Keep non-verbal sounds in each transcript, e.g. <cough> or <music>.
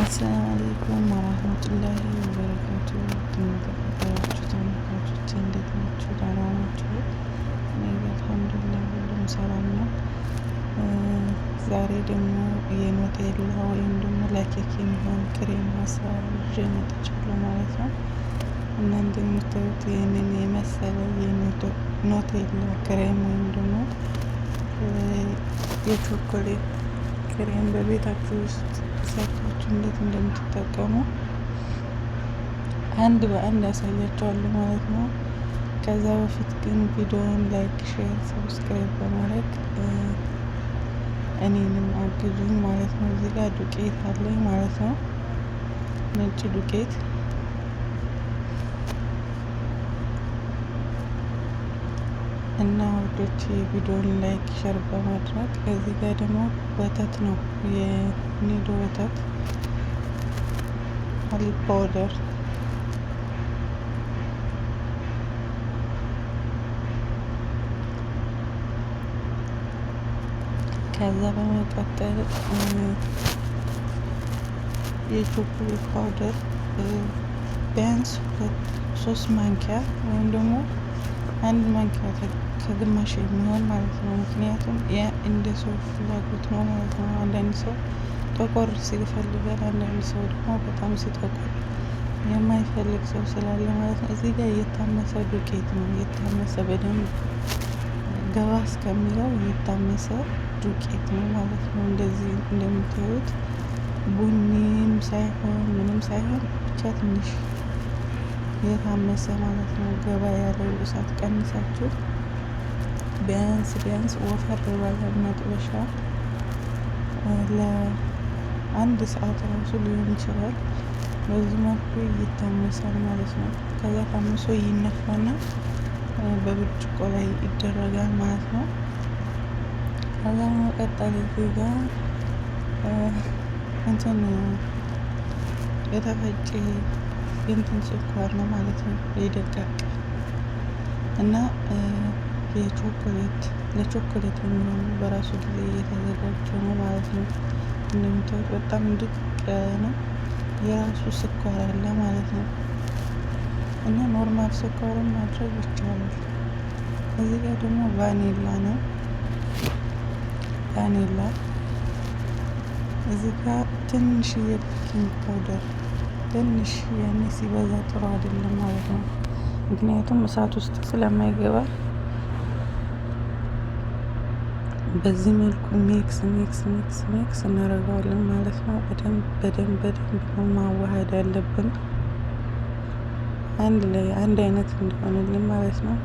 አሰላም አለይኩም ወራህመቱላሂ ወበረካቱ። የተከበራችሁ ተመልካቾች እንዴት ናችሁ? ደህና ናችሁ? እኔ አልሐምዱሊላህ ሁሉም ሰላም ነው። ዛሬ ደግሞ የኖቴላ ወይም ደግሞ ለኬክ የሚሆን ክሬም ሀሳብ ይዤ መጥቻለሁ ማለት ነው። እና እንደምታዩት ይህንን የመሰለ የኖቴላ ክሬም ወይም ደግሞ የቾኮሌት ፍሬም በቤታችሁ ውስጥ ሰርታችሁ እንዴት እንደምትጠቀሙ አንድ በአንድ ያሳያቸዋል ማለት ነው። ከዛ በፊት ግን ቪዲዮውን ላይክ፣ ሼር፣ ሰብስክራይብ በማድረግ እኔንም አግዙኝ ማለት ነው። እዚህ ጋር ዱቄት አለኝ ማለት ነው፣ ነጭ ዱቄት እና ውዶች የቪዲዮን ላይክ ሸር በማድረግ እዚህ ጋር ደግሞ ወተት ነው የኒዶ ወተት ሀሊብ ፓውደር ከዛ በመቀጠል የቾኮሌት ፓውደር ቢያንስ ሶስት ማንኪያ ወይም ደግሞ አንድ ማንኪያ ከግማሽ የሚሆን ማለት ነው። ምክንያቱም ያ እንደ ሰው ፍላጎት ነው ማለት ነው። አንዳንድ ሰው ጠቆር ሲፈልጋል፣ አንዳንድ ሰው ደግሞ በጣም ሲጠቆር የማይፈልግ ሰው ስላለ ማለት ነው። እዚህ ጋር የታመሰ ዱቄት ነው የታመሰ በደንብ ገባ እስከሚለው የታመሰ ዱቄት ነው ማለት ነው። እንደዚህ እንደምታዩት ቡኒም ሳይሆን ምንም ሳይሆን ብቻ ትንሽ የታመሰ ማለት ነው። ገባ ያለው እሳት ቀንሳችሁ ቢያንስ ቢያንስ ወፈር ባለ መጥበሻ ለአንድ ሰዓት ራሱ ሊሆን ይችላል። በዚህ መልኩ ይታመሳል ማለት ነው። ከዛ ታምሶ ይነፋና በብርጭቆ ላይ ይደረጋል ማለት ነው። ከዛ መቀጠል ዜጋ እንትን የተፈጨ የእንትን ስኳር ነው ማለት ነው የደቀቀ እና የቾኮሌት ለቾኮሌት የሚሆኑ በራሱ ጊዜ እየተዘጋጀ ነው ማለት ነው። እንደምታዩት በጣም ድቅ ያለ ነው። የራሱ ስኳር አለ ማለት ነው። እና ኖርማል ስኳርን ማድረግ ይቻላል። እዚህ ጋር ደግሞ ቫኒላ ነው። ቫኒላ እዚህ ጋር ትንሽ የቤኪንግ ፓውደር ትንሽ ያኔ ሲበዛ ጥሩ አይደለም ማለት ነው። ምክንያቱም እሳት ውስጥ ስለማይገባ በዚህ መልኩ ሚክስ ሚክስ ሚክስ ሚክስ እናደርገዋለን ማለት ነው። በደንብ በደንብ በደንብ ነው ማዋሃድ ያለብን አንድ ላይ አንድ አይነት እንዲሆንልን ማለት ነው።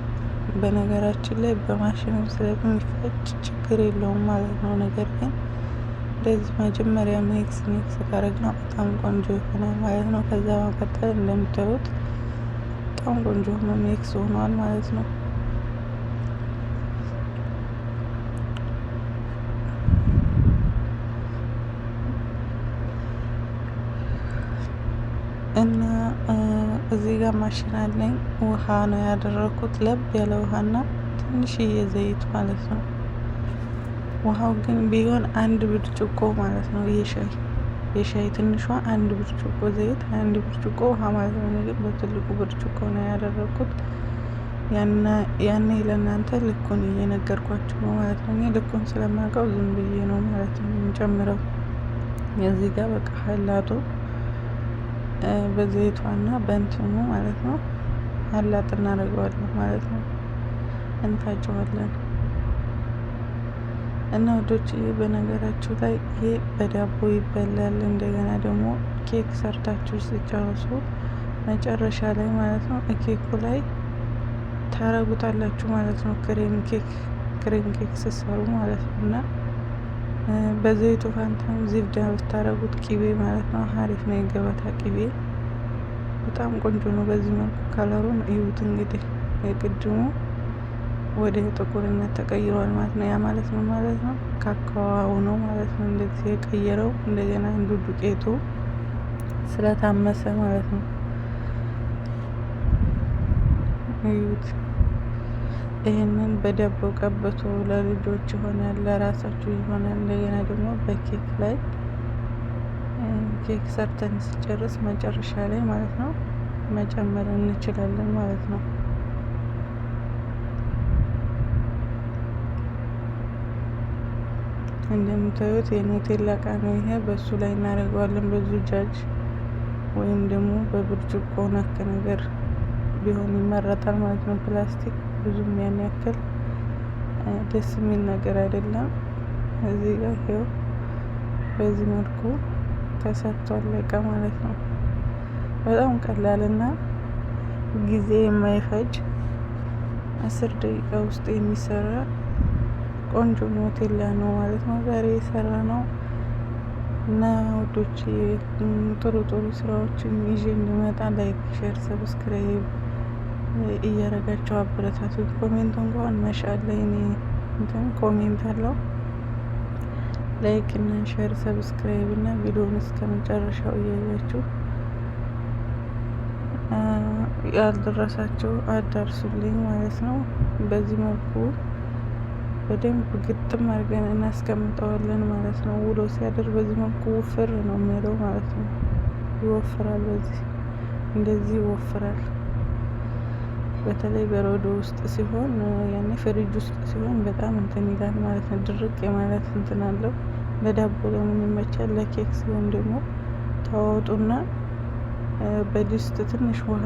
በነገራችን ላይ በማሽንም ስለሚፈጭ ችግር የለውም ማለት ነው። ነገር ግን እንደዚህ መጀመሪያ ሚክስ ሚክስ ካደረግነው በጣም ቆንጆ ይሆናል ማለት ነው። ከዛ መቀጠል እንደምታዩት በጣም ቆንጆ ሆኖ ሚክስ ሆኗል ማለት ነው። እና እዚህ ጋር ማሽን አለኝ። ውሃ ነው ያደረኩት፣ ለብ ያለ ውሃና ትንሽዬ ዘይት ማለት ነው። ውሃው ግን ቢሆን አንድ ብርጭቆ ማለት ነው። የሻይ የሻይ ትንሿ አንድ ብርጭቆ ዘይት፣ አንድ ብርጭቆ ውሃ ማለት ነው። ምግብ በትልቁ ብርጭቆ ነው ያደረኩት። ያኔ ለእናንተ ልኩን እየነገርኳችሁ ነው ማለት ነው። እኔ ልኩን ስለማውቀው ዝም ብዬ ነው ማለት ነው የምጨምረው። የዚህ ጋር በቃ ሀላቶ በዘይቷና በእንትኑ ማለት ነው አላጥ እናደርገዋለን ማለት ነው። እንታጨዋለን እና ወዶች፣ በነገራችሁ ላይ ይሄ በዳቦ ይበላል። እንደገና ደግሞ ኬክ ሰርታችሁ ሲጨርሱ መጨረሻ ላይ ማለት ነው ኬኩ ላይ ታረጉታላችሁ ማለት ነው። ክሬም ኬክ ክሬም ኬክ ስሰሩ ማለት ነው እና በዘይቱ ፋንታ ዝብዳ ብታረጉት ቂቤ ማለት ነው። ሀሪፍ ነው። የገበታ ቂቤ በጣም ቆንጆ ነው። በዚህ መልኩ ከለሩን እዩት እንግዲህ የቅድሙ ወደ ጥቁርነት ተቀይሯል ማለት ነው። ያ ማለት ነው ማለት ነው ካካዋው ነው ማለት ነው። እንደዚህ የቀየረው እንደገና እንዱ ዱቄቱ ስለታመሰ ማለት ነው። እዩት ይህንን በዳቦ ቀብቶ ለልጆች ይሆናል፣ ለራሳችሁ ይሆናል። እንደገና ደግሞ በኬክ ላይ ኬክ ሰርተን ሲጨርስ መጨረሻ ላይ ማለት ነው መጨመር እንችላለን ማለት ነው። እንደምታዩት የኑቴላ እቃ ነው ይሄ። በሱ ላይ እናደርገዋለን። በዙ ጃጅ ወይም ደግሞ በብርጭቆ ነክ ነገር ቢሆን ይመረጣል ማለት ነው ፕላስቲክ ብዙም ያን ያክል ደስ የሚል ነገር አይደለም። እዚህ ጋ ይኸው በዚህ መልኩ ተሰርቷል እቃ ማለት ነው። በጣም ቀላል እና ጊዜ የማይፈጅ አስር ደቂቃ ውስጥ የሚሰራ ቆንጆ ሞቴላ ነው ማለት ነው። ዛሬ የሰራ ነው እና ውዶች ጥሩ ጥሩ ስራዎችን ይዤ እንድመጣ ላይክ፣ ሼር፣ ሰብስክራይብ እያረጋቸው አበረታቱት። ኮሜንት እንኳን መሻለ እኔ እንትን ኮሜንት አለው ላይክ እና ሼር ሰብስክራይብ እና ቪዲዮውን እስከ መጨረሻው እያያችሁ ያልደረሳችሁ አዳርሱልኝ ማለት ነው። በዚህ መልኩ በደንብ ግጥም አድርገን እናስቀምጠዋለን ማለት ነው። ውሎ ሲያደር በዚህ መልኩ ውፍር ነው የሚሄደው ማለት ነው። ይወፍራል። በዚህ እንደዚህ ይወፍራል። በተለይ በረዶ ውስጥ ሲሆን ያኔ ፍሪጅ ውስጥ ሲሆን በጣም እንትን ይላል ማለት ነው። ድርቅ የማለት እንትን አለው። ለዳቦ ለምን ይመቻል። ለኬክ ሲሆን ደግሞ ተዋወጡና በድስት ትንሽ ውሃ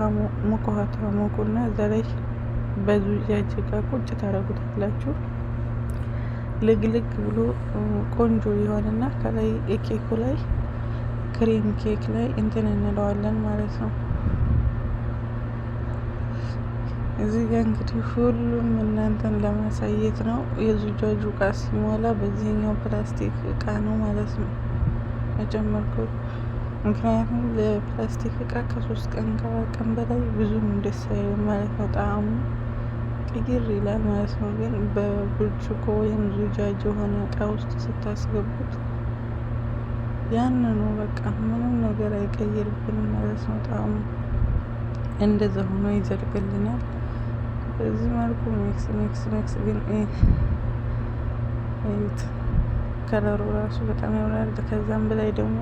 ሙቅ ውሃ ታሞቁና እዛ ላይ በዙጃጅ እቃ ቁጭ ታደርጉታላችሁ። ልግልግ ብሎ ቆንጆ ይሆንና ከላይ የኬኩ ላይ ክሬም ኬክ ላይ እንትን እንለዋለን ማለት ነው። እዚህ ጋር እንግዲህ ሁሉም እናንተን ለማሳየት ነው። የዙጃጁ እቃ ሲሞላ በዚህኛው ፕላስቲክ እቃ ነው ማለት ነው መጨመርኩት። ምክንያቱም ለፕላስቲክ እቃ ከሶስት ቀን ከአራት በላይ ብዙም ደስ አይልም ማለት ነው። ጣዕሙ ቅይር ይላል ማለት ነው። ግን በብርጭቆ ወይም ዙጃጅ የሆነ እቃ ውስጥ ስታስገቡት ያንኑ በቃ ምንም ነገር አይቀይርብንም ማለት ነው። ጣዕሙ እንደዛ ሆኖ ይዘልቅልናል። በዚህ መልኩ ኔክስ ኔክስ ኔክስ ግን እዩት፣ ከለሩ ራሱ በጣም ያምራል። ከዛም በላይ ደግሞ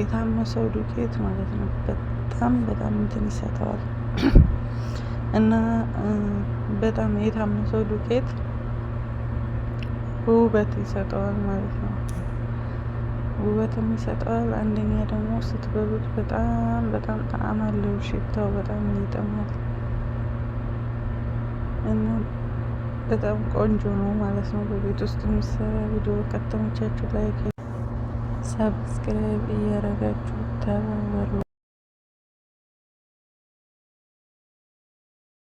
የታመሰው ዱቄት ማለት ነው በጣም በጣም እንትን ይሰጠዋል <clears throat> እና በጣም የታመሰው ዱቄት ውበት ይሰጠዋል ማለት ነው። ውበትም ይሰጠዋል። አንደኛ ደግሞ ስትበሉት በጣም በጣም ጣዕም አለው። ሽታው በጣም ይጥማል። እና በጣም ቆንጆ ነው ማለት ነው። በቤት ውስጥ የሚሰራ ቪዲዮ ከተመቻችሁ ላይክ፣ ሰብስክራይብ እያረጋችሁ ተባበሩ።